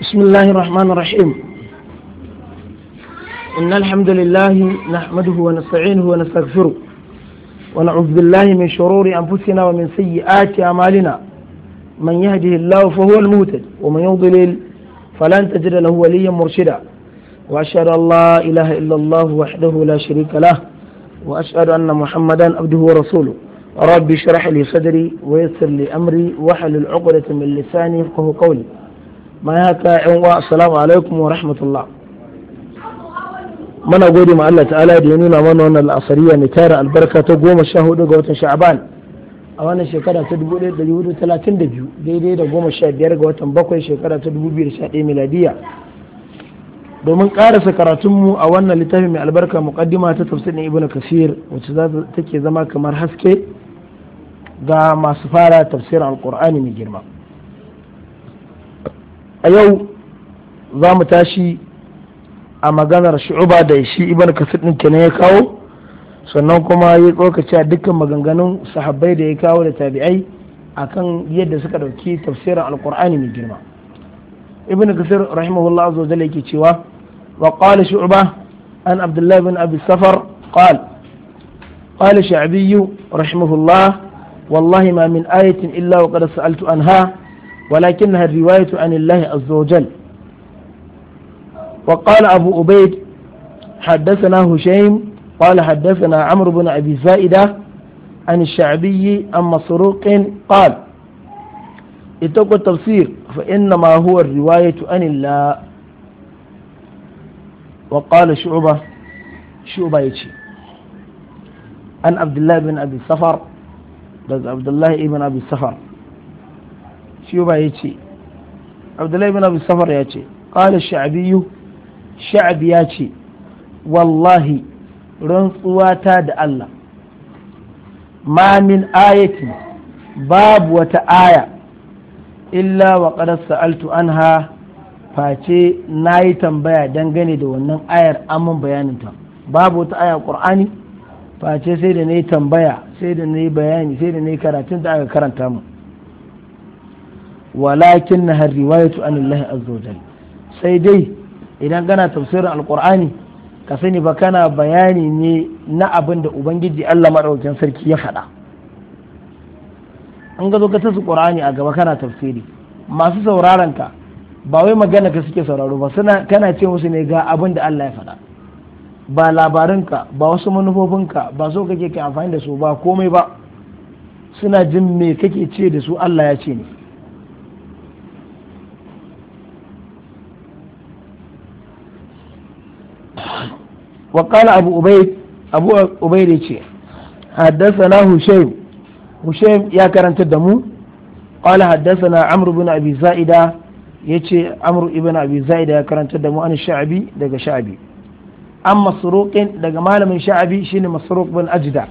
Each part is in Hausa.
بسم الله الرحمن الرحيم إن الحمد لله نحمده ونستعينه ونستغفره ونعوذ بالله من شرور أنفسنا ومن سيئات أعمالنا من يهده الله فهو المهتد ومن يضلل فلن تجد له وليا مرشدا وأشهد أن لا إله إلا الله وحده لا شريك له وأشهد أن محمدا عبده ورسوله رب اشرح لي صدري ويسر لي أمري واحلل عقدة من لساني يفقه قولي ma ya haka yan wa assalamu alaikum wa rahmatullah mana gode ma Allah ta'ala da ya nuna mana wannan la'asariya mai tara albarka ta goma sha hudu ga watan sha'aban a wannan shekara ta dubu ɗaya da hudu talatin da biyu daidai da goma sha biyar ga watan bakwai shekara ta dubu biyu da sha ɗaya miladiya domin ƙarasa karatunmu a wannan littafi mai albarka muƙaddima ta tafsirin ibnu kasir wacce za ta ke zama kamar haske ga masu fara tafsirin alƙur'ani mai girma a yau za mu tashi a maganar shu'uba da shi ibn kasir ɗin kenan ya kawo sannan kuma ya tsokaci a dukkan maganganun sahabbai da ya kawo da tabi'ai akan yadda suka dauki tafsirin alkur'ani mai girma ibn kasir rahimahullah azza wa yake cewa wa qala shu'ba an abdullahi bin abi safar qal qala sha'bi rahimahullah wallahi ma min ayatin illa wa qad sa'altu anha ولكنها الرواية عن الله عز وجل وقال أبو أبيد حدثنا هشيم قال حدثنا عمرو بن أبي زائدة عن الشعبي عن مسروق قال اتقوا التفسير فإنما هو الرواية عن الله وقال شعبة شعبة يجي عن عبد الله بن أبي السفر عبد الله بن أبي السفر tiyuba ya ce abdullahi bin abu safar ya ce ƙala sha'abiyu sha'abi ya ce wallahi rantsuwata da Allah ma min ayati babu wata aya illa wa qad sa'altu ha, face na yi tambaya dangane da wannan ayar amin bayaninta babu wata aya ƙur'ani, face sai da na yi tambaya sai da na yi bayani sai da na yi karatun da aka karanta mu walakin na har riwayatu an Allah azza sai dai idan kana tafsirin alqur'ani ka sani ba kana bayani ne na abin da ubangiji Allah madaukakin sarki ya faɗa an ga zo ka tasu qur'ani a gaba kana tafsiri masu sauraron ka ba wai magana ka suke sauraro ba suna kana ce musu ne ga abin da Allah ya faɗa ba labarinka ba wasu manufofinka ba so kake ka amfani da su ba komai ba suna jin me kake ce da su Allah ya ce ne وقال أبو أبيد أبو أبيد حدثنا هشيم هشيم يا كرنت الدمو قال حدثنا عمرو بن أبي زائدة يتي عمرو بن أبي زائدة يا كرنت الدمو أنا الشعبي دقى شعبي أم مسروق دقى مال من شعبي شين مسروق بن أجدع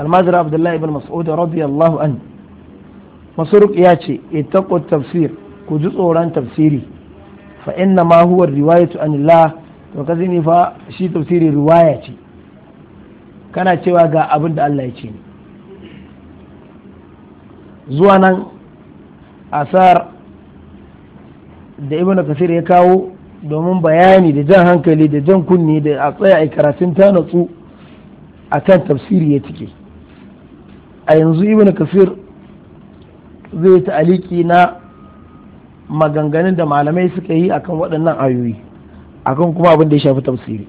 المادر عبد الله بن مسعود رضي الله عنه مسروق ياتي اتقوا التفسير كجزء عن تفسيري فإنما هو الرواية عن الله to ka zini fa shi tafsiri riwaya ce kana cewa ga abin da Allah ya ce ne zuwa nan asar da ibn kasir ya kawo domin bayani da jan hankali da jan kunni da a tsaya a karatun ta natsu a kan tafsiri ya cike a yanzu ibn kasir zai ta'aliki na maganganun da malamai suka yi akan waɗannan ayoyi akan kuma abin da ya shafi tafsiri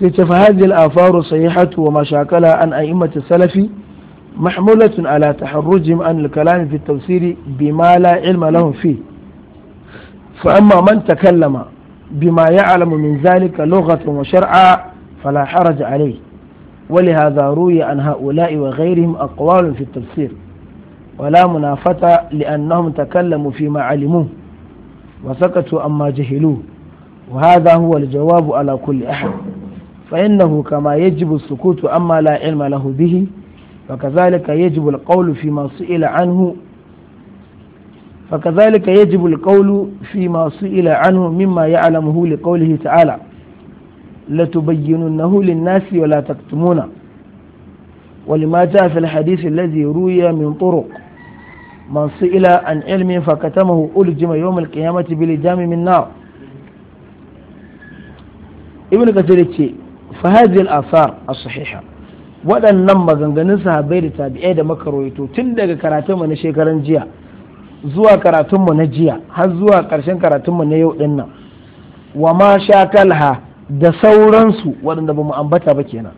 sai ta fahazil afaru sahihatu wa mashakala an a'immatu salafi mahmulatun ala taharrujim an al-kalam fi at-tafsir bima la ilma lahum fi fa amma man takallama bima ya'lamu min zalika lughatan wa shar'a fala haraj alayhi wa li hadha ruwiya an ha'ula'i wa ghayrihim aqwalun fi at-tafsir ولا منافة لأنهم تكلموا فيما علموه وسكتوا أما جهلوه وهذا هو الجواب على كل أحد فإنه كما يجب السكوت عما لا علم له به فكذلك يجب القول فيما سئل عنه فكذلك يجب القول فيما سئل عنه مما يعلمه لقوله تعالى لتبيننه للناس ولا تكتمونه ولما جاء في الحديث الذي روي من طرق من سئل عن علم فكتمه ألجم يوم القيامة بلجام من نار ibn kasir yace fa hadhihi al-athar as-sahiha waɗannan maganganun sahabbai da tabi'ai da makarwaito tun daga karatunmu na shekaran jiya zuwa karatunmu na jiya har zuwa ƙarshen karatunmu na yau ɗin nan wa ma shakalha da sauransu waɗanda ba mu ambata ba kenan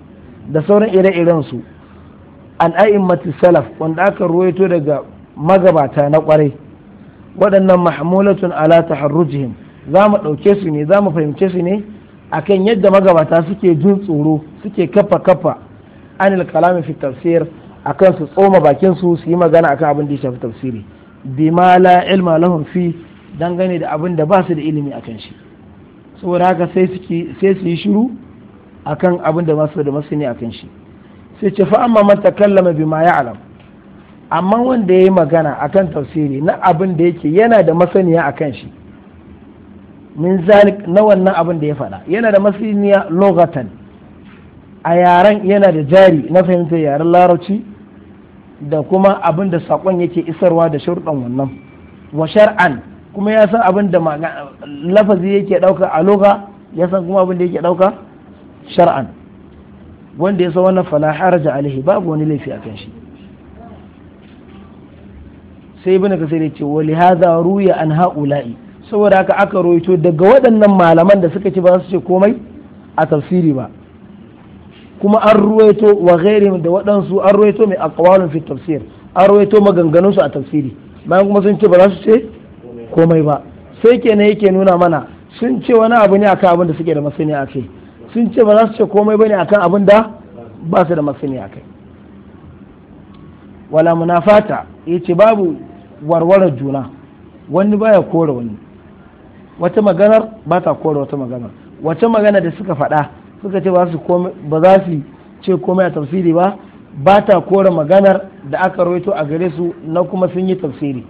da sauran ire-iren su an a'immatu salaf wanda aka ruwaito daga magabata na kwarai? waɗannan mahmulatun ala taharrujihim za mu ɗauke su ne za mu fahimce su ne akan yadda magabata suke jin tsoro suke kafa kafa anil kalami fi tafsir akan su tsoma bakin su su yi magana akan abin da ya shafi tafsiri bima la ilma lahum fi dangane da abin da ba su da ilimi akan shi saboda haka sai su yi shiru akan abin da su da masani akan shi sai ce fa amma man takallama ma ya'lam amma wanda yayi magana akan tafsiri na abin da yake yana da masaniya akan shi min zalik na wannan abin da ya faɗa yana da masiniya logatan a yaren yana da jari na fahimtar yaren larabci da kuma abin da saƙon yake isarwa da shurɗan wannan wa shar'an kuma ya san abin da lafazi yake ɗauka a loga ya san kuma abin da yake ɗauka shar'an wanda ya san wannan fala haraja alaihi babu wani laifi akan shi sai ibn kasir ya ce wa lihaza ruya an ha'ula'i saboda haka aka roito daga waɗannan malaman da suka ci ba su ce komai a tafsiri ba kuma an ruwaito wa ghairi da waɗansu an ruwaito mai akwalin fi tafsir an ruwaito maganganun su a tafsiri bayan kuma sun ce ba za su ce komai ba sai kenan yake nuna mana sun ce wani abu ne akan abin da suke da masani a kai sun ce ba za su ce komai ba ne akan abin da ba su da masani a kai wala munafata ya ce babu warwarar juna wani baya kore wani wata maganar ba ta kore wata maganar wata magana da suka faɗa suka ce ba za su ce komai a tafsiri ba ba ta kore maganar da aka rawaito a gare su na kuma sun yi tafsiri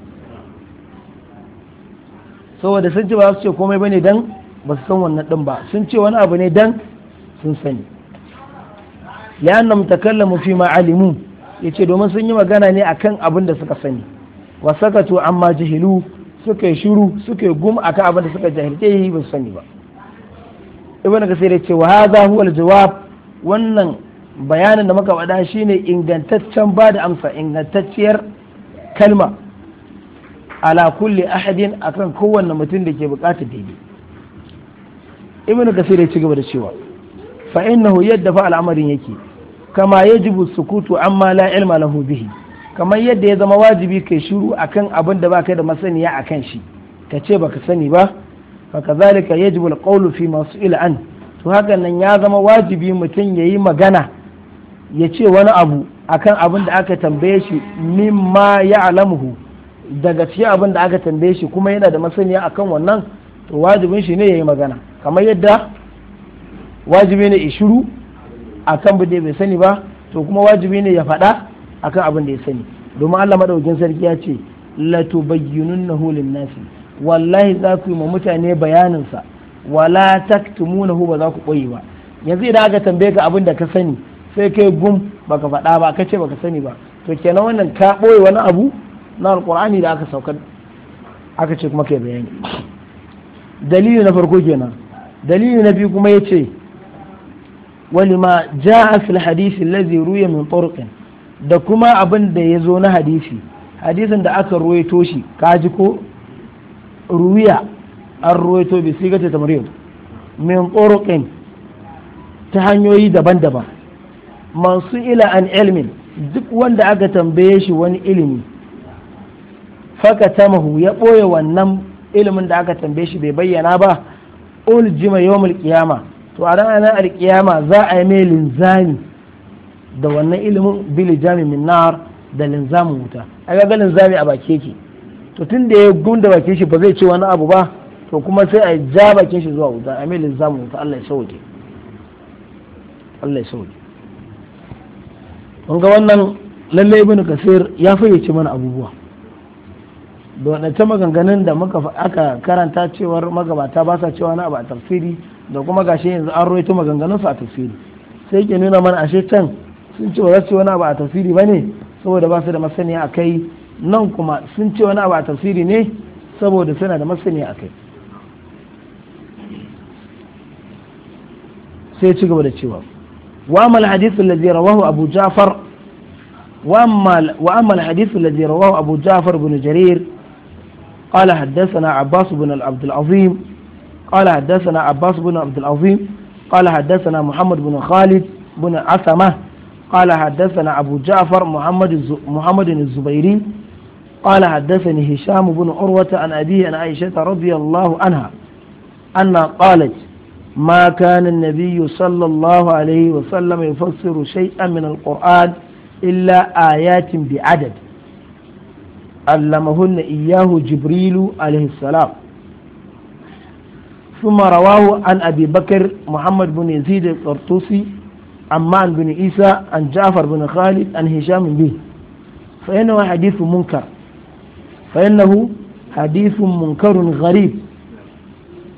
saboda sun ce ba su ce komai bane dan ba su san wannan din ba sun ce wani abu ne dan sun sani li'annahum mu fi ma alimu yace domin sun yi magana ne akan abin da suka sani wa sakatu amma jihilu. suka yi shiru suka yi gum akan abin da suka jahilce yi ba su sani ba ibn sai da ce wa za huwa al-jawab wannan bayanin da muka faɗa shine ingantaccen ba da amsa ingantacciyar kalma ala kulli ahadin akan kowanne mutum da ke bukata daidai ibn kasir ya ci gaba da cewa fa innahu yadda fa al'amarin yake kama yajibu sukutu amma la ilma lahu bihi kamar yadda ya zama wajibi kai shiru akan abin da ba kai da masaniya a kan shi ka ce baka sani ba fa kazalika yajibu alqawlu fi ma su'ila an to haka nan ya zama wajibi mutum yayi magana ya ce wani abu akan abin da aka tambaye shi mimma ya'lamuhu daga cikin abin da aka tambaye shi kuma yana da masaniya akan wannan to wajibin shi ne yayi magana kamar yadda wajibi ne ishuru akan bude bai sani ba to kuma wajibi ne ya faɗa akan abin da ya sani domin Allah madaukin sarki ya ce la tubayyinunahu lin-nasi wallahi za ku yi ma mutane bayanin sa wala taktumunahu ba za ku koyi ba yanzu idan aka tambaye ka abin da ka sani sai kai gum baka faɗa ba ka ce baka sani ba to kenan wannan ka ɓoye wani abu na alqur'ani da aka saukar aka ce kuma kai bayani dalili na farko kenan dalili na biyu kuma yace walima ja'a fil hadisi allazi ruya min turqin da kuma abin da ya zo na hadisi hadisin da aka ruwaito shi ji ko ruwiya an ruwaito bi sigata tamriyar min qurqin ta hanyoyi daban-daban masu ila an ilmin duk wanda aka tambaye shi wani ilimi tamahu ya ɓoye wannan ilimin da aka tambaye shi bai bayyana ba uljima yawmul qiyama to a ranar alkiyama za a yi mai linzami da wannan ilimin bil jami min nar da linzamin wuta ai ga linzami a baki yake to tun da ya gunda bakin shi ba zai ce wani abu ba to kuma sai a ja bakin shi zuwa wuta a mai linzamin wuta Allah ya sauke Allah ya sauke kun ga wannan lallai ibn kasir ya fayyace mana abubuwa da wadancan maganganun da muka aka karanta cewar magabata ba sa cewa na abu a tafsiri da kuma gashi yanzu an maganganun maganganunsu a tafsiri sai ke nuna mana ashe can sun ce ba ce wani abu a tafsiri ba ne saboda ba su da masaniya a kai nan kuma sun ce wani abu a tafsiri ne saboda suna da masaniya a kai sai ci gaba da cewa wa amal hadithu allazi rawahu abu ja'far wa amal hadithu allazi rawahu abu ja'far ibn jarir قال حدثنا عباس بن عبد العظيم قال حدثنا عباس بن عبد العظيم قال حدثنا محمد بن خالد بن عثمه قال حدثنا أبو جعفر محمد محمد الزبيري قال حدثني هشام بن عروة عن أبيه عن عائشة رضي الله عنها أنها قالت ما كان النبي صلى الله عليه وسلم يفسر شيئا من القرآن إلا آيات بعدد علمهن إياه جبريل عليه السلام ثم رواه عن أبي بكر محمد بن يزيد القرطوسي عمان بن عيسى عن جعفر بن خالد عن هشام به فإنه حديث منكر فإنه حديث منكر غريب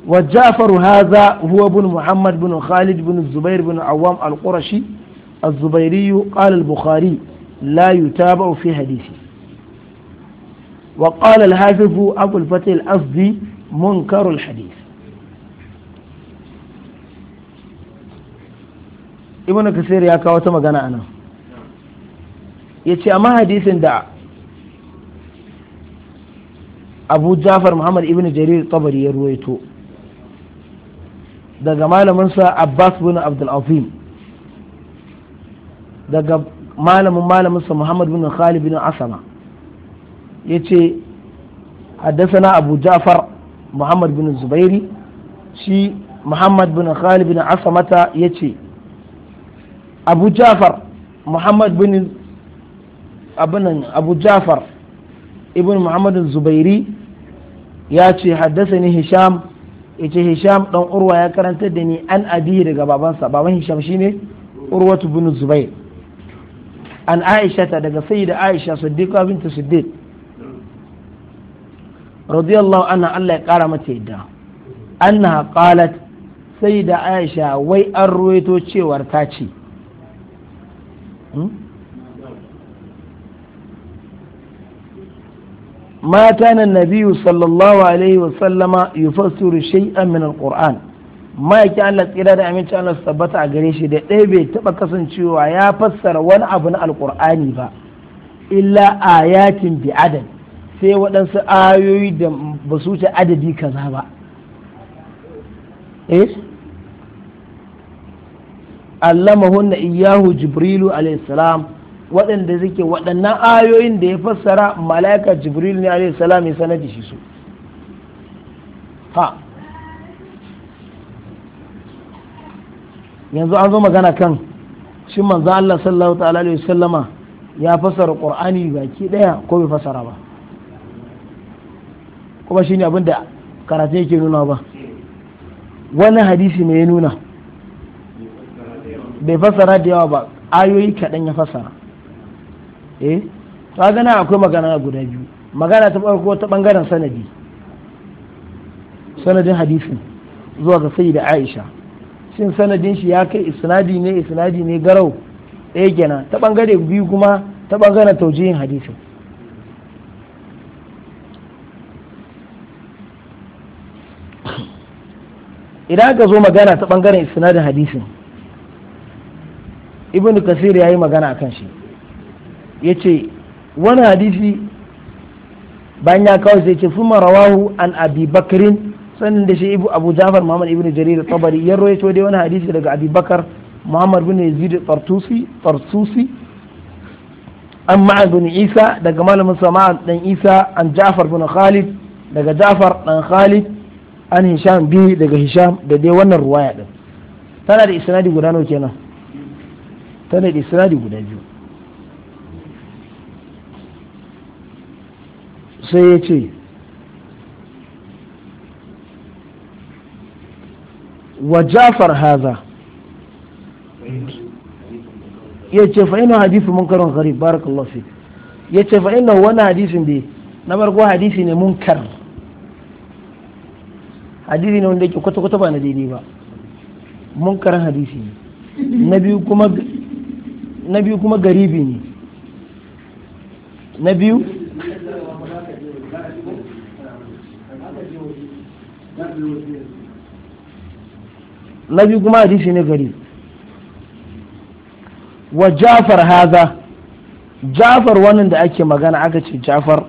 وجعفر هذا هو بن محمد بن خالد بن الزبير بن عوام القرشي الزبيري قال البخاري لا يتابع في حديثه وقال الحافظ أبو الفتح الأصدي منكر الحديث ibn kasir ya kawo ta magana anan ya ce amma hadisin da abu jafar muhammad ibn jarir tabari ya ruwaito daga sa abbas bin azim daga malamin sa muhammad bin khalid bin asama ya ce haddasana abu jafar muhammad bin zubairi shi muhammad bin khalid bin asamata ya ce abu jafar muhammad bin abinan abu jafar ibn muhammad zubairi ya ce haddasa ni hisham ce hisham dan urwa ya karanta da ni an abi daga babansa baban hisham shine urwatu bin zubair an aisha ta daga da aisha siddiqa binta siddiq radiyallahu anha Allah ya kara mata yadda annaha qalat sayyida aisha wai an ruwaito cewar ta ce ما Nabiyu النبي صلى الله عليه وسلم يفسر شيئا من القرآن ما yake Allah tsira da aminci Allah su tabbata a gare shi da ɗaya bai taɓa kasancewa ya fassara wani abu na alƙur'ani ba illa ayatin bi adad sai waɗansu ayoyi da ba wuce adadi kaza ba allamahunna iyahu jibrilu alayhi salam waɗanda suke waɗannan ayoyin da ya fassara mala'ika jibrilu ne alayhi salam ya sanar da shi su ha yanzu an zo magana kan shi manzo Allah sallallahu ta'ala alaihi wasallama ya fassara qur'ani baki daya ko bai fassara ba kuma shine abin da karatu yake nuna ba wani hadisi ne ya nuna bai fassara da yawa ba ayoyi kaɗan ya fassara eh ga gana akwai magana guda biyu magana ta farko ta bangaren sanadi sanadin hadisin zuwa ga sai da aisha shin sanadin shi ya kai isnadi ne isnadi ne garau ɗaya eh, gena ta bangare biyu kuma ta bangaren taujihin hadisin idan aka zo magana ta bangaren isnadin hadisin ibn kasir ya yi magana a kan shi ya ce wani hadisi bayan ya kawo sai ce suma rawahu an abi bakarin sannan da shi abu jafar muhammad ibn jarir tabari ya rawaito dai wani hadisi daga abi muhammad bin yazid tartusi an ma'a bin isa daga malamin sama'a dan isa an jafar bin khalid daga jafar dan khalid an hisham bi daga hisham da dai wannan ruwaya din tana da isnadi guda nawa kenan tana da isnadi guda biyu sai ya ce wa jafar haza ya ce fa ina hadisi munkarin gari barakallahu fi ya ce fa ina wani hadisin da na farko hadisi ne munkar hadisi ne wanda yake kwata-kwata ba na daidai ba munkarin hadisi ne na biyu kuma na biyu kuma garibi ne na biyu na biyu kuma hadisi ne gari wa jafar haza jafar wannan da ake magana aka ce jafar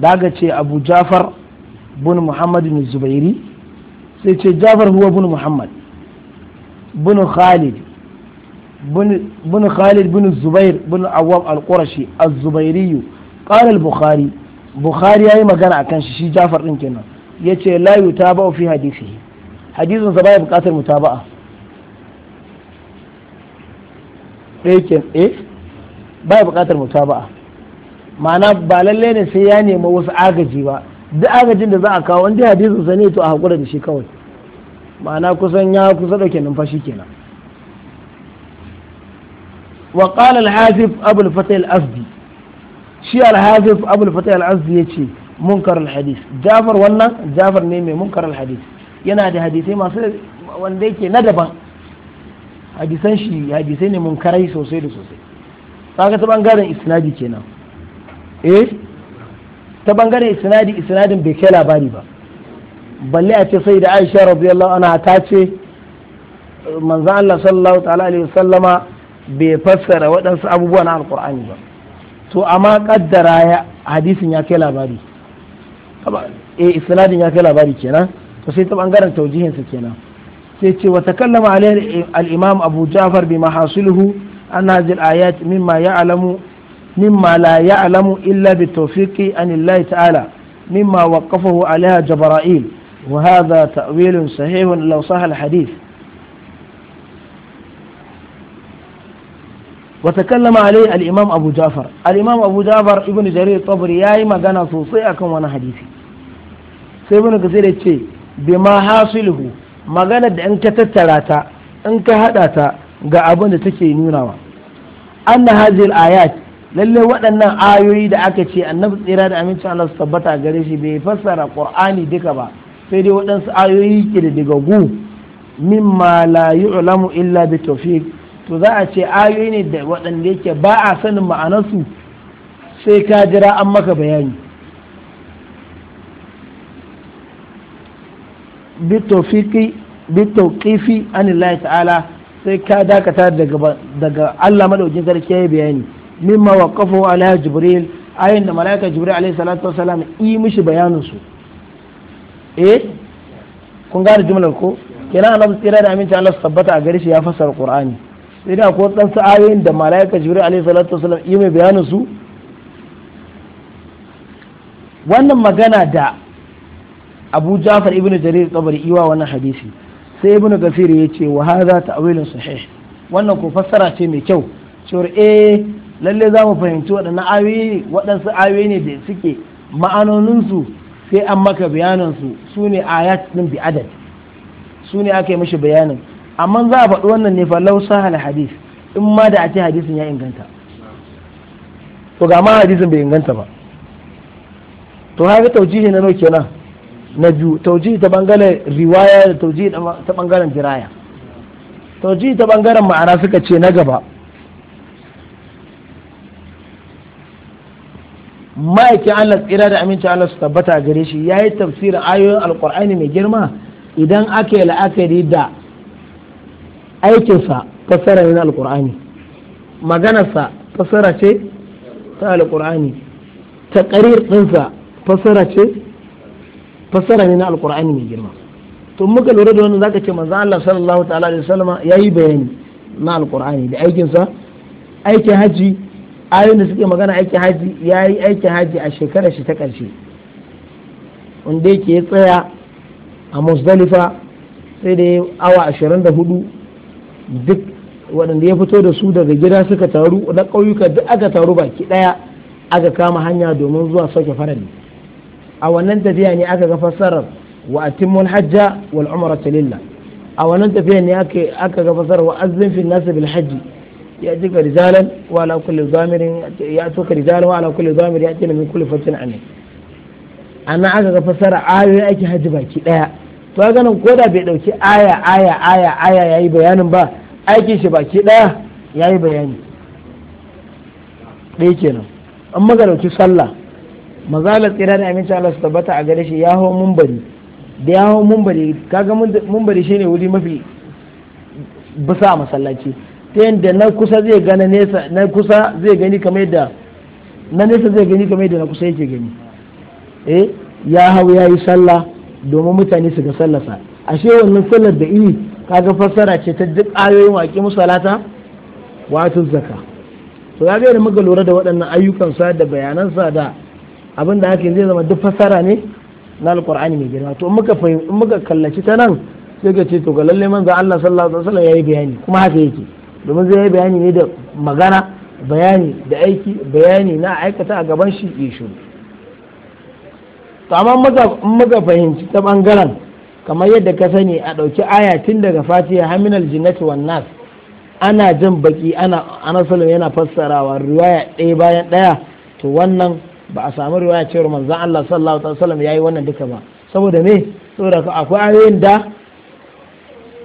da aka ce abu jafar bin muhammadu zubairi sai ce jafar huwa bin muhammad bin Khalid bin Zubair bin Awwam al-Qurashi az-Zubairi qala al-Bukhari Bukhari yayi magana akan shi shi Jafar ɗin kenan yace la yutaba'u fi hadisihi hadisin sa baya bukatar mutaba'a ɗaya eh baya bukatar mutaba'a ma'ana ba lallai ne sai ya nemi wasu agaji ba duk agajin da za a kawo wanda hadisin sa ne to a hakura da shi kawai ma'ana kusan ya kusa dauke numfashi kenan wa qala al-hafiz abu al-fatih al-azdi shi al-hafiz abu al-fatih al-azdi yace munkar al-hadith jafar wannan jafar ne mai munkar al-hadith yana da hadisai masu wanda yake na daban hadisan shi hadisai ne munkarai sosai da sosai kaga ta bangaren isnadi kenan eh ta bangaren isnadi isnadin bai kai labari ba balle a ce sai da aisha radiyallahu anha ta ce manzo Allah sallallahu ta'ala alaihi sallama bai fassara waɗansu abubuwa na alqur'ani ba to amma kaddara ya hadisin ya kai labari E isnadin ya kai labari kenan to sai ta bangaren taujihin sa kenan sai ce wa takallama alaihi al-imam Abu Ja'far bi mahasiluhu an hadhihi al-ayat mimma ya'lamu مما لا يعلم إلا بالتوفيق عن الله تعالى مما وقفه عليها jabra'il وهذا تأويل صحيح لو صح الحديث وتكلم عليه الإمام أبو جعفر الإمام أبو جعفر ابن جرير الطبري ياي ما كان صوصي أكم وانا حديثي سيبن كثير يتشي بما حاصله ما كان أنك تتلاتا أنك هداتا ga abin da take nunawa anna hazil ayat lalle waɗannan ayoyi da aka ce annabi tsira da amincin Allah su tabbata gare shi bai fassara qur'ani duka ba sai dai waɗansu ayoyi min ma la yu'lamu illa bi tafiq to za a ce ayoyi ne da waɗanda yake ba a sanin ma'anarsu sai ka jira an maka bayani bi tafiqi bi tawqifi anillahi ta'ala sai ka dakata daga daga Allah madaukin sarki yayi bayani mimma waqafahu ala jibril ayin da malaika jibril alayhi salatu wasalam yi mishi bayanin su eh kun gane jumlar ko kenan annabi tsira da aminci Allah tabbata a gare shi ya fassara Qur'ani sai da ko dan ayoyin da malaika Jibril alaihi salatu wasallam yi mai bayanin su wannan magana da Abu Ja'far ibn Jarir Tabari iwa wannan hadisi sai ibn Kathir ya ce wa hadha ta'wilun sahih wannan ko fassara ce mai kyau cewar eh lalle za mu fahimci waɗannan ayoyi waɗansu ayoyi ne da suke ma'anoninsu sai an maka bayanin su su ne ayat din bi adad su ne aka yi mishi bayanin amma za a faɗi wannan ne fa law sahal hadith in ma da a ce hadisin ya inganta to ga ma hadisin bai inganta ba to haka taujihi na nauke na na biyu taujihi ta bangaren riwaya da taujihi ta bangaren diraya taujihi ta bangaren ma'ana suka ce na gaba ma'aikin Allah tsira da amincin Allah su tabbata gare shi ya yi tafsirin ayoyin alkur'ani mai girma idan aka yi la'akari da aikinsa fassara ne na alkur'ani maganarsa fassara ce ta alkur'ani taqrir ɗinsa fassara ce fassara ne na alkur'ani mai girma to muka lura da wani zaka ce manzo Allah sallallahu ta'ala salama ya yi bayani na alkur'ani da aikinsa aikin hajji ayoyin da suke magana aikin haji ya yi aikin haji a shekarar shi ta ƙarshe wanda yake ya tsaya a musdalifa sai da ya awa ashirin da hudu duk waɗanda ya fito da su daga gida suka taru na ƙauyuka duk aka taru baki ɗaya aka kama hanya domin zuwa sauke farali a wannan tafiya ne aka ga fassarar wa atimul hajja wal umrata lillah a wannan tafiya ne aka ga fassarar wa azzin fil nas bil hajji ya cika rijalel wa ala kulle zamirin ya coka rijalel wa ala kulle zamirin ya cina min kulle fassin anai. a aka ga sare ayoyi aiki hajji baki daya. to ya gani ko da bai dauki aya aya aya ya yi bayanin ba aiki shi baki daya ya yi bayani. da yake an magana sallah maza la tsira da aminta alasu tabbata a ganashe yawon mumbari da yawon mumbari kaga mun shine wuri mafi bisa a masallaci. ta yadda na kusa zai gani nesa na kusa zai gani kamar yadda na nesa zai gani kamar yadda na kusa yake gani eh ya hau ya yi sallah domin mutane su ga sallasa ashe wannan sallar da iri kaga fassara ce ta duk ayoyin waƙi musalata wato zaka to ya ga muka lura da waɗannan ayyukan sa da bayanan sa da abin da hakan zai zama duk fassara ne na alƙur'ani mai girma to muka fahimci muka kallaci ta nan sai ga ce to ga lalle manzo Allah sallallahu alaihi wasallam yayi bayani kuma haka yake domin zai yi bayani ne da magana bayani da aiki bayani na aikata a gaban shi ya shiru to amma muka fahimci ta bangaren kamar yadda ka sani a ɗauki aya tun daga fatiha haminal jinnati wan nas ana jan baki ana anasalin yana fassarawa riwaya ɗaya bayan ɗaya to wannan ba a samu riwaya cewar manzon Allah sallallahu alaihi wasallam yayi wannan duka ba saboda me saboda akwai ayoyin da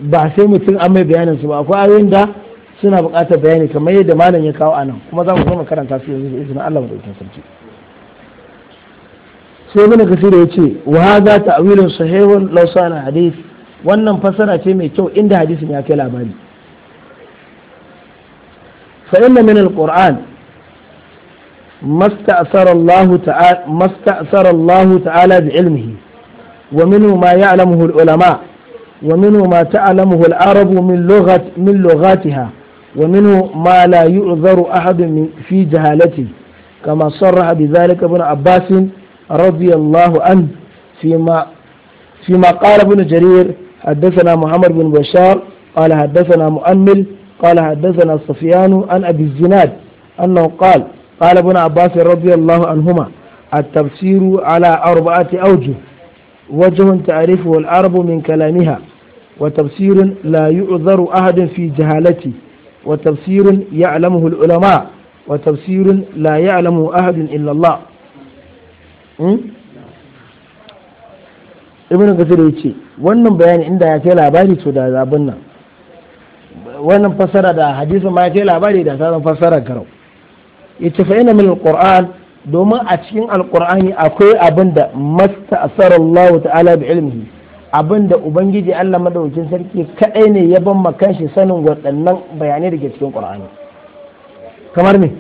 ba sai mutum an mai bayanin su ba akwai ayoyin da suna buƙatar bayani kamar yadda malam ya kawo anan kuma za mu zo karanta su yanzu da izinin Allah madaukakin sarki sai ibn kasir ya ce wa hadha ta'wilun sahihun law sana hadith wannan fasara ce mai kyau inda hadisin ya kai labari fa inna min alquran مستأثر الله تعالى مستأثر الله تعالى بعلمه ومنه ما يعلمه العلماء ومنه ما تعلمه العرب من لغة من لغاتها ومنه ما لا يعذر أحد في جهالته كما صرح بذلك ابن عباس رضي الله عنه فيما فيما قال ابن جرير حدثنا محمد بن بشار قال حدثنا مؤمل قال حدثنا سفيان عن أبي الزناد أنه قال قال ابن عباس رضي الله عنهما التفسير على أربعة أوجه وجه تعرفه العرب من كلامها وتفسير لا يعذر أحد في جهالته وتفسير يعلمه العلماء وتفسير لا يعلمه أحد إلا الله ibn kasir ya ce wannan bayani inda ya kai labari to da zabin nan wannan fassara da hadisi ma ya kai labari da sabon fassara garau ya ce fa ina min alquran domin a cikin Alƙur'ani akwai abin da masta asara Allah ta'ala bi ilmihi abin da ubangiji Allah madaukakin sarki kadai ne ya ban makan shi sanin waɗannan bayanai da ke cikin qur'ani kamar me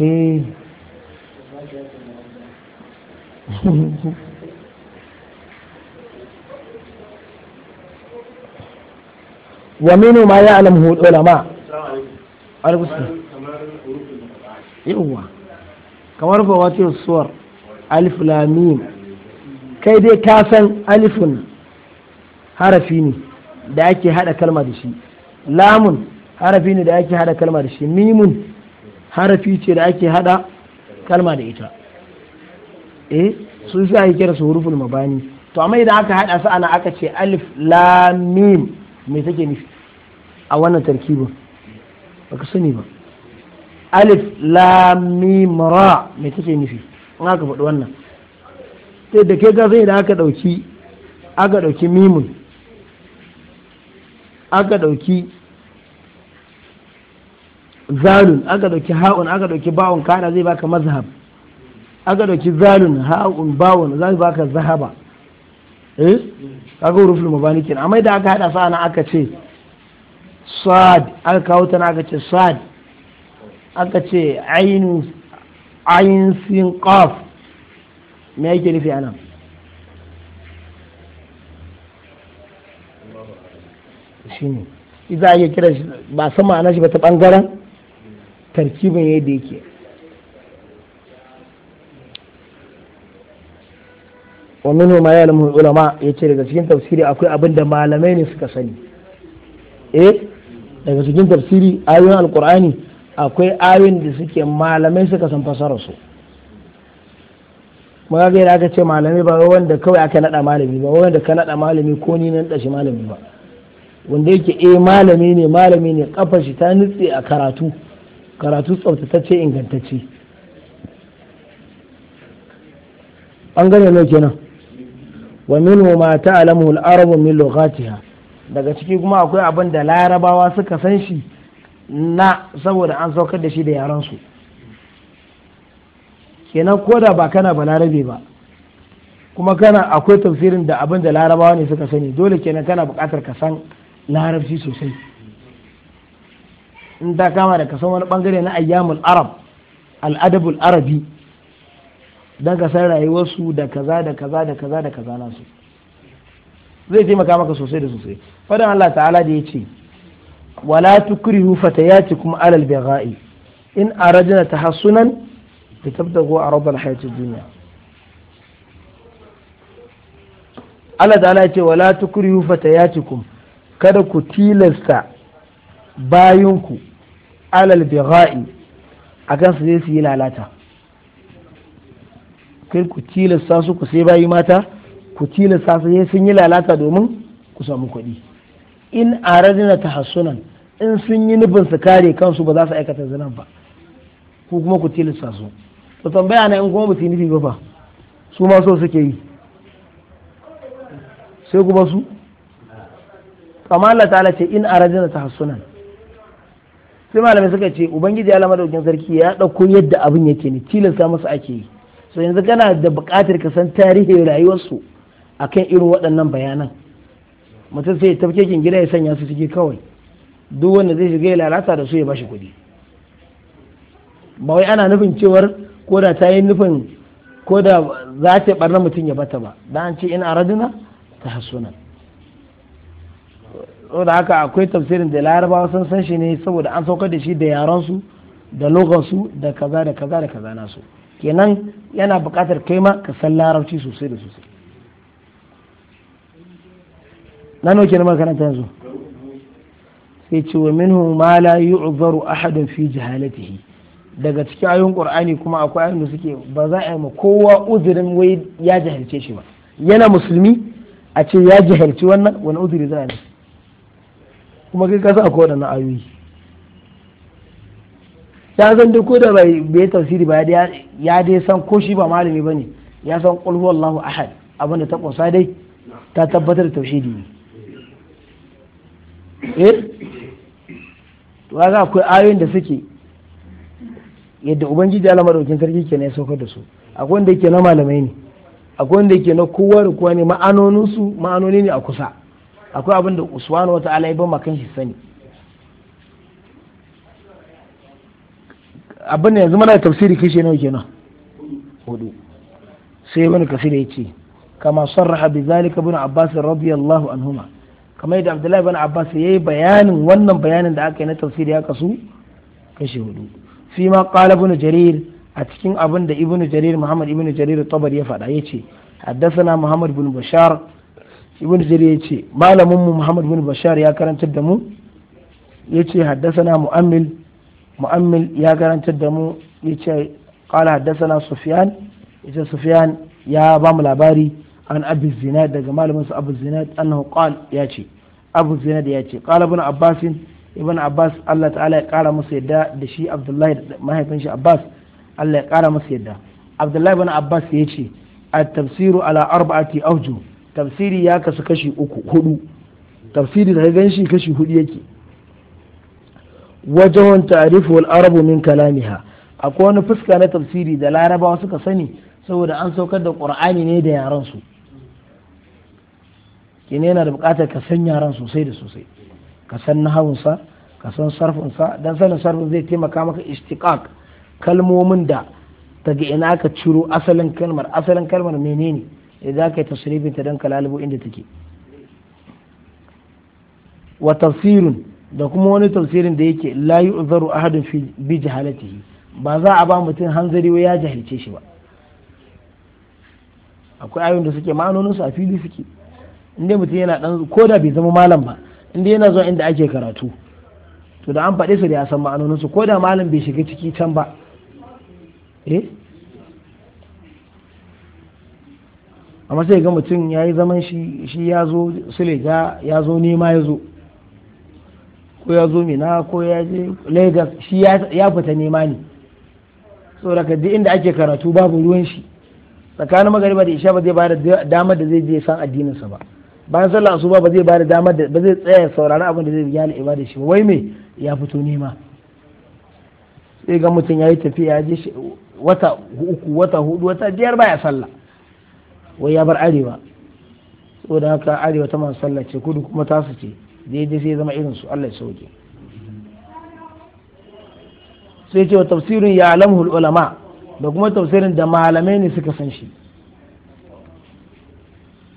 eh ومنه lama يعلمه العلماء على yawwa kamar fa wata suwar alif lamim kai dai ka san alifin harafi ne da ake hada kalma da shi lamun harafi ne da ake hada kalma da shi mimun harafi ce da ake hada kalma da ita eh su sa ake kira su huruful mabani to amma idan aka hada su ana aka ce alif lamim me take nufi a wannan tarkibin baka sani ba alif lam ra me take nufi in aka faɗi wannan sai da ke ga zai da aka ɗauki aka ɗauki mimun aka ɗauki zalun aka ɗauki ha'un aka ɗauki bawon kana zai baka mazhab aka ɗauki zalun ha'un bawon zai baka zahaba eh kaga huruful mabani kenan amma da aka hada sa'ana aka ce sad aka kawo ta aka ce sad aka ce ayin sin ƙaf me yake nufi anan ne iza ake kira shi ba san ma'ana shi ba ta bangaren tarkibin yadda yake wa minhu ma ya'lamu ulama ce daga cikin tafsiri akwai abin da malamai ne suka sani eh daga cikin tafsiri ayoyin alqur'ani akwai ayoyin da suke malamai suka san fasara su kuma ga da aka ce malami ba wanda kawai aka nada malami ba wanda ka nada malami ko ni nan dashi malami ba wanda yake eh malami ne malami ne kafa shi ta nutse a karatu karatu tsaftatacce ingantacce an gane ne kenan wa minhu ma ta'lamu al-arabu min lughatiha daga ciki kuma akwai abin da larabawa suka san shi na saboda an saukar da shi da yaransu kenan ko da ba kana balarabe ba kuma kana akwai tafsirin da abin da larabawa ne suka sani dole kenan kana buƙatar ka san larabci sosai in ta kama da ka san wani bangare na ayyamul arab al'adabul arabi don ka san rayuwarsu da kaza da kaza da kaza da kaza nasu zai taimaka maka sosai da sosai fadan Allah ta'ala da ya ce wala tukrihu fatayatikum alal bigha'i in aradna tahassunan litabtagu arad al hayati dunya Allah ta'ala ya ce wala tukrihu fatayatikum kada ku tilasta bayinku alal bigha'i akan su zai su yi lalata kai ku tilasta su ku sai bayi mata ku tilasta su sun yi lalata domin ku samu kuɗi in aradina hasunan, in sun yi nufin su kare kansu ba za su aikata zinan ba ko kuma ku tilasta su to tambaya na in kuma ba su yi nufi ba su ma so suke yi sai ku ba su kamar Allah ta'ala ce in aradina hasunan, sai malamai suka ce ubangiji ya lamar daukin sarki ya dauko yadda abin yake ne tilasta musu ake yi so yanzu kana da buƙatar ka san tarihin rayuwarsu akan irin waɗannan bayanan mutum sai ya tafkekin gida ya sanya su ciki kawai duk wanda zai shiga ya lalata da su ya bashi kuɗi ba wai ana nufin cewar ko da ta yi nufin ko da za ta barna mutum ya bata ba da an ce ina raduna ta ko saboda haka akwai tafsirin da larabawa sun san shi ne saboda an saukar da shi da yaransu da su da kaza da kaza da kaza nasu kenan yana buƙatar kai ma ka san larabci sosai da sosai na nauke na makaranta yanzu sai ce wa minhu ma la yu'zaru ahadun fi jahalatihi daga cikin ayoyin qur'ani kuma akwai ayoyin da suke ba za a yi ma kowa uzurin wai ya jahilce shi ba yana musulmi a ce ya jahilci wannan wani uzuri za a yi kuma kai kasa akwai waɗannan ayoyi ya san duk ko da bai bai tafsiri ba ya dai san ko shi ba malami bane ya san qul huwallahu ahad abinda ta kunsa dai ta tabbatar da tauhidi ne wa eh? to akwai ayoyin da suke yadda ubangiji ala madaukin sarki na ya saukar da su akwai wanda yake na malamai ne akwai wanda yake na kowa da kowa ne ma'anonin su ma'anoni ne a kusa akwai abin da usmanu wata ala ya ba makan shi sani abin da yanzu mana tafsiri kashe nawa kenan hudu sai ibn kasir ya ce kama sarraha bi zalika ibn abbas radiyallahu anhuma kamar yadda abdullahi bin abbas ya yi bayanin wannan bayanin da aka yi na tafsir ya kasu kashi hudu fi ma qala ibnu jarir a cikin abin da ibn jarir muhammad ibn jarir tabari ya faɗa yace haddathana muhammad bin bashar ibn jarir yace malamin mu muhammad bin bashar ya karantar da mu yace haddathana mu'ammil mu'ammil ya karantar da mu yace qala haddathana sufyan yace sufyan ya ba mu labari an abu zinad daga malamin su abu zinad annahu qal ya ce abu zinad ya ce qala ibn abbas ibn abbas Allah ta'ala ya kara masa yadda da shi abdullahi da mahaifin shi abbas Allah ya kara masa yadda abdullahi ibn abbas ya ce at-tafsiru ala arba'ati awjuh tafsiri ya kasu kashi uku hudu tafsiri da gan shi kashi hudu yake wajahun ta'rifu al-arabu min kalamiha akwai wani fuska na tafsiri da larabawa suka sani saboda an saukar da qur'ani ne da yaran su ina yana da bukatar ka san yaran sosai da sosai ka san nahawunsa ka san sarfinsa dan sanin sarfin zai taimaka maka istiqaq kalmomin da daga ina aka ciro asalin kalmar asalin kalmar menene idan ka yi tasrifin ta dan lalubo inda take wa tafsirun da kuma wani tafsirin da yake la yu'zaru ahadun fi bi jahalatihi ba za a ba mutum hanzari wa ya jahilce shi ba akwai ayoyin da suke ma'anonin su a fili suke inda mutum yana dan ko da bai zama malam ba inda yana zuwa inda ake karatu to da an faɗi su da ya san ma'anonin su ko da malam bai shiga ciki can ba eh amma sai ga mutum ya yi zaman shi shi ya zo suleja ya zo nema ya zo ko ya zo mina ko ya je lagos shi ya fita nema ne saboda duk inda ake karatu babu ruwan shi tsakanin magariba da isha ba zai ba da damar da zai je san addininsa ba bayan sallah asuba ba zai bada damar da ba zai tsaya saurari abin da zai biya ni ibada shi wai me ya fito nema sai ga mutum yayi tafiya ya je wata uku wata hudu wata biyar baya sallah wai ya bar arewa saboda haka arewa ta masu sallah ce kudu kuma tasu ce daidai sai zama irin su Allah ya sauke sai ce wa tafsirin ya alamul ulama da kuma tafsirin da malamai ne suka san shi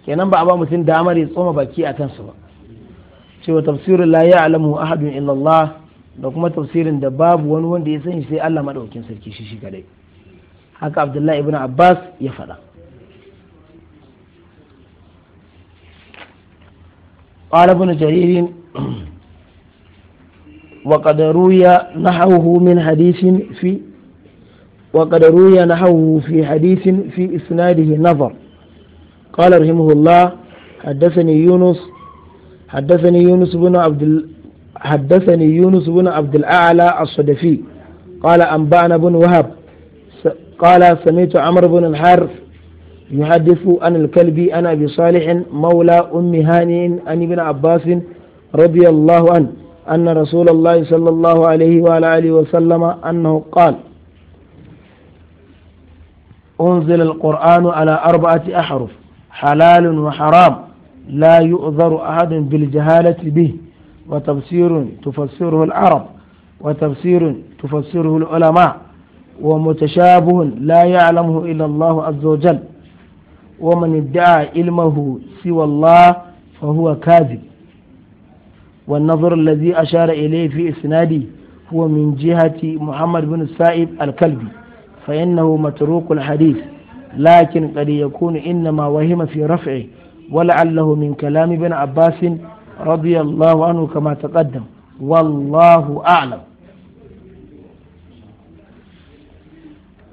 kenan ba a ba mutum damar ya tsoma baki a kansu ba cewa tafsirin la alamu ahadun illallah da kuma tafsirin da babu wani wanda ya sani sai Allah madaukin sarki shi shi kadai haka Abdullahi ibn Abbas ya faɗa قال ابن جرير وقد روي نحوه من حديث في وقد روي نحوه في حديث في نظر قال رحمه الله حدثني يونس حدثني يونس بن عبد حدثني يونس بن عبد الأعلى الصدفي قال أنبأنا بن وهب قال سمعت عمر بن الحارث يحدث عن الكلبي عن أبي صالح مولى أم هانئ عن ابن عباس رضي الله عنه أن رسول الله صلى الله عليه وعلى آله وسلم أنه قال أنزل القرآن على أربعة أحرف حلال وحرام لا يؤذر أحد بالجهالة به وتفسير تفسره العرب وتفسير تفسره العلماء ومتشابه لا يعلمه إلا الله عز وجل ومن ادعى علمه سوى الله فهو كاذب والنظر الذي أشار إليه في إسناده هو من جهة محمد بن السائب الكلبي فإنه متروك الحديث لكن قد يكون إنما وهم في رفعه ولعله من كلام ابن عباس رضي الله عنه كما تقدم والله أعلم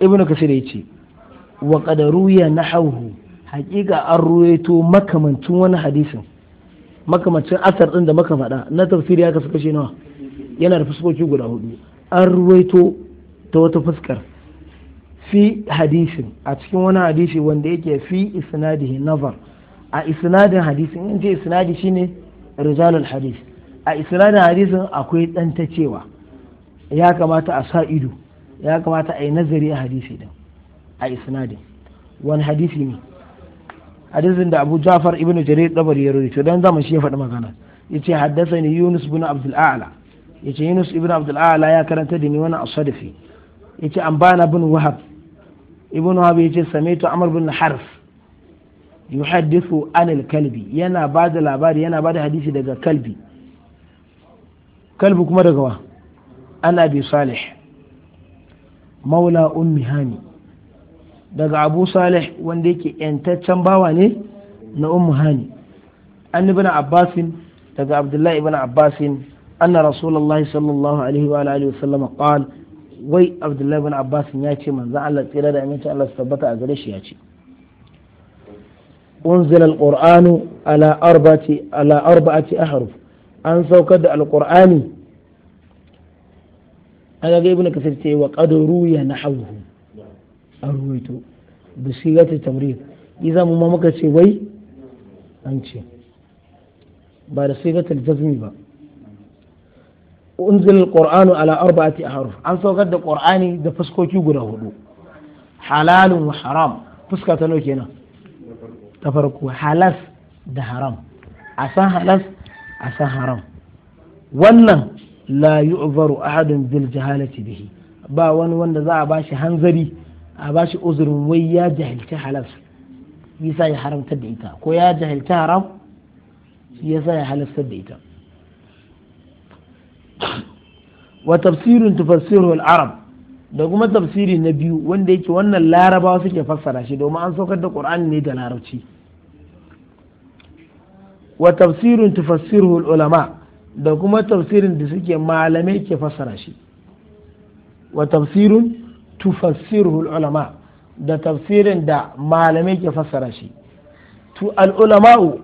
ابن كثير يتي وقد روي نحوه حقيقة الرويت مكمن تون حديثا مكمن تون أثر عند مكمن فدا نتفسير يا كسكشي نوع yana da fuskoki guda hudu an ruwaito fi hadisin a cikin wani hadisi wanda yake fi isnadihi nazar a isnadin hadisin in ce isnadi shine rijalul hadis a isnadin hadisin akwai dan ta cewa ya kamata a sa ido ya kamata a yi nazari a hadisi din a isnadin wani hadisi ne hadisin da Abu Ja'far ibn Jarir Dabari ya rawaito dan zama shi ya faɗi magana yace haddathani Yunus ibn Abdul A'la yace Yunus ibn Abdul A'la ya karanta da ni wani asadifi yace an bana bin Wahab ibn wahab yace samitu amr bin harf yuhaddithu al kalbi yana ba da labari yana bada da hadisi daga kalbi kalbi kuma daga wa an abi salih maula ummi hani daga abu salih wanda yake yantaccen bawa ne na ummi hani an ibn abbasin daga abdullahi ibn abbas anna rasulullahi sallallahu alaihi wa alihi wa sallam qala wai abdullahi bin abbas ya ce manzo Allah tsira da aminci Allah su tabbata a gare shi ya ce unzila alqur'anu ala arba'ati ala arba'ati ahruf an saukar da alqur'ani aga ga ibnu kasir ce wa qad ruya nahawhu arwaito da bi sigati tamrid idan mu ma muka ce wai an ce ba da sigatul jazmi ba unzil alqur'anu ala arba'ati ahruf an saukar da qur'ani da fuskoki guda hudu halalun wa haram fuska ta nauke nan ta farko halas da haram asan halas asan haram wannan la yu'zaru ahadun bil jahalati bihi ba wani wanda za a bashi hanzari a bashi uzurin wai ya jahilci halas yisa ya haramta da ita ko ya jahilci haram yasa ya halartar da ita wa tafsirin tufassirul arab da kuma tafsiri na biyu wanda yake wannan larabawa suke fassara shi domin an saukar da qur'ani ne da larabci wa tafsirin tufassirul ulama da kuma tafsirin da suke malamai ke fassara shi wa tafsirin tufassirul ulama da tafsirin da malamai ke fassara shi to al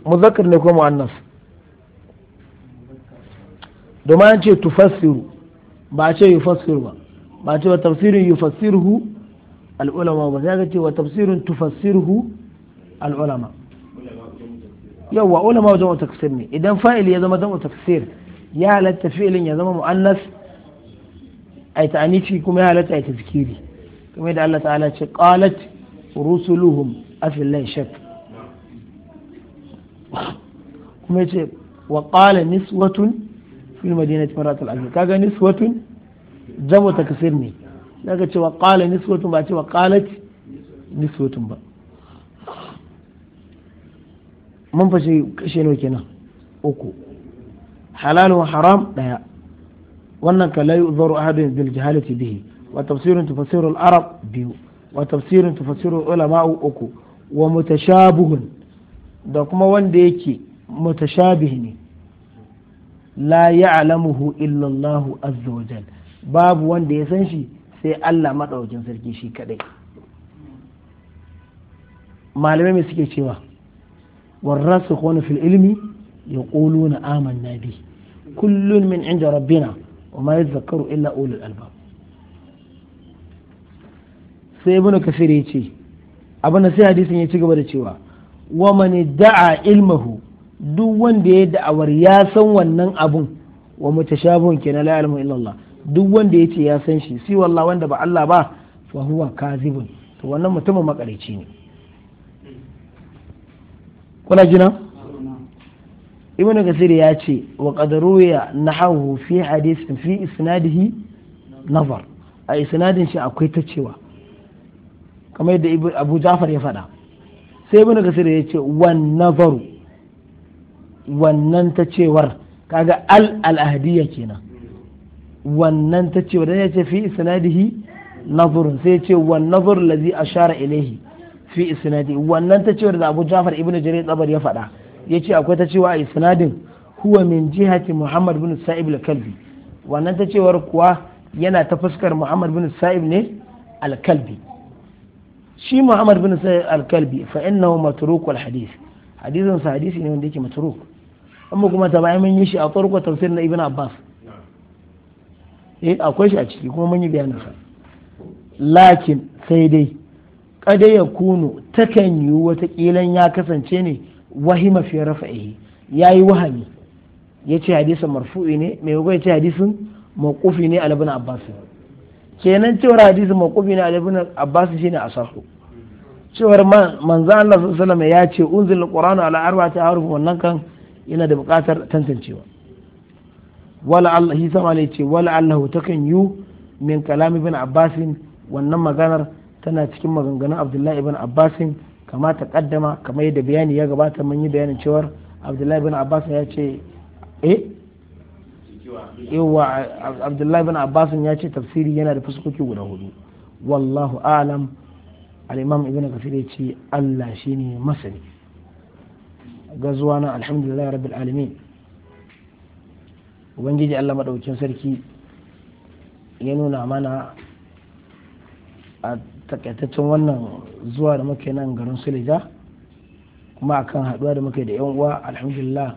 mu zakar ne ko muannas domin an ce tufassiru ba a ce yufassiru ba ba a ce wa tafsirin yufassiruhu al'ulama ba sai ka ce wa tafsirin tufassiruhu al'ulama yawwa ulama wajen tafsir ne idan fa'il ya zama zama tafsir ya halatta fi'ilin ya zama mu'annas yi ta'anifi kuma ya halatta a ay tazkiri kuma da Allah ta'ala ce qalat rusuluhum afillahi shak kuma yace wa qala niswatun fil madinati maratul azmi kaga niswatun jamu takasir ne daga cewa qala niswatun ba cewa qalat niswatun ba mun fashe kashe nawa kenan uku halal wa haram daya wannan ka la yu'zaru ahadun bil jahalati bihi wa tafsirun tufassiru al arab biyu wa tafsirun tufassiru ulama uku wa mutashabuhun da kuma wanda yake mutashabih ne la ya'lamuhu illa illallahu azza babu wanda ya san shi sai Allah maɗaukin sarki shi kadai malamai mai suke cewa warrasikhuna fil ilmi ya yaquluna amanna bi kullun min inda rabbina wa ma illa ulul alba sai ibn kafir ya ce abin sai hadisin ya ci gaba da cewa wa da'a ilmahu duk wanda ya da'awar ya san wannan abun wa mutashabihun ke na la'ilmu illallah duk wanda ya ce ya san shi si wallah wanda ba Allah ba fa huwa kazibun to wannan mutumin makareci ne kuna jina ibnu kasir ya ce wa qadaru ya nahahu fi hadith fi isnadihi nazar a isnadin shi akwai ta cewa kamar yadda abu jafar ya faɗa sai ibnu kasir ya ce wan nazaru wannan ta cewar kaga al al'ahdiya kenan wannan ta cewar ya ce fi isnadihi nazarun sai ya ce wan nazar lazi ashara ilaihi fi isnadi wannan ta cewar da Abu Ja'far ibn Jarir tsabar ya faɗa yace akwai ta cewa isnadin huwa min jihati Muhammad bin Sa'ib al-Kalbi wannan ta cewar kuwa yana ta fuskar Muhammad bin Sa'ib ne al-Kalbi shi Muhammad bin Sa'ib al-Kalbi fa innahu matruk wal hadith hadisin sa hadisi ne wanda yake matruk amma kuma ta bayan mun yi shi a farko tafsir na ibn abbas eh akwai shi a ciki kuma mun yi bayani sa lakin sai dai kada ya kunu takan yi wata kilan ya kasance ne wahima fi rafa'i yayi wahami yace hadisi marfu'i ne mai ya yace hadisin mawqufi ne al ibn abbas kenan cewar hadisin mawqufi ne al ibn abbas shine asahu cewar manzo Allah sallallahu alaihi wasallam ya ce unzil qur'anu ala arba'ati harufin wannan kan yana da buƙatar tantancewa wala Allah sama ce wala Allah takan yu min kalami bin abbasin wannan maganar tana cikin maganganun abdullahi ibn abbasin kama ta kaddama kamar yadda bayani ya gabata mun yi bayanin cewar abdullahi bin abbas ya ce eh yawa abdullahi ibn abbas ya ce tafsiri yana da fuskoki guda hudu wallahu alam al-imam ibn kafir ya ce Allah shine masani gazuwana alhamdulillah rabbil alamin ubangiji Allah maɗaukin sarki ya nuna mana a takaitaccen wannan zuwa da muke nan garin Suleja kuma akan haɗuwa da muke da yan uwa alhamdulillah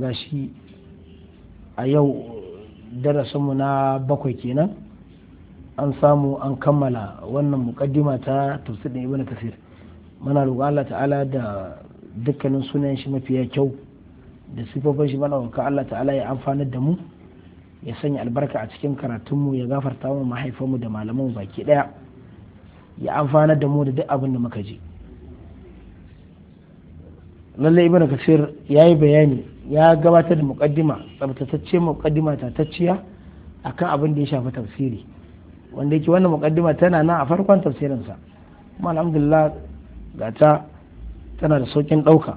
gashi a yau darasinmu na bakwai kenan an samu an kammala wannan mukaddima ta tafsirin ibn kasir muna roƙon Allah ta'ala da dukkanin sunan shi mafiya kyau da sifofin shi wanka Allah ta'ala ya amfanar da mu ya sanya albarka a cikin karatunmu ya gafarta mu mahaifanmu da malaman baki daya ya amfanar da mu da duk abin da muka je lallai ibn kasir ya yi bayani ya gabatar da muqaddima tsabtatacce muqaddima tatacciya akan abin da ya shafi tafsiri wanda yake wannan muqaddima tana nan a farkon tafsirinsa kuma alhamdulillah ga ta tana da saukin ɗauka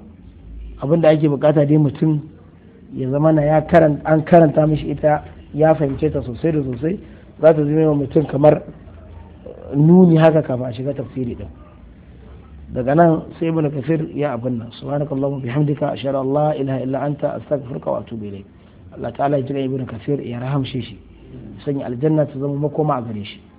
abin da ake bukata dai mutum ya zama na ya karanta an karanta mishi ita ya fahimce ta sosai da sosai za ta zama mutum kamar nuni haka kafin a shiga tafsiri din daga nan sai ibn kafir ya abin nan subhanakallahumma bihamdika ashhadu an la ilaha illa anta astaghfiruka wa atubu ilayk Allah ta'ala ya jira ibn kafir ya rahamshe shi sanya aljanna ta zama makoma a gare shi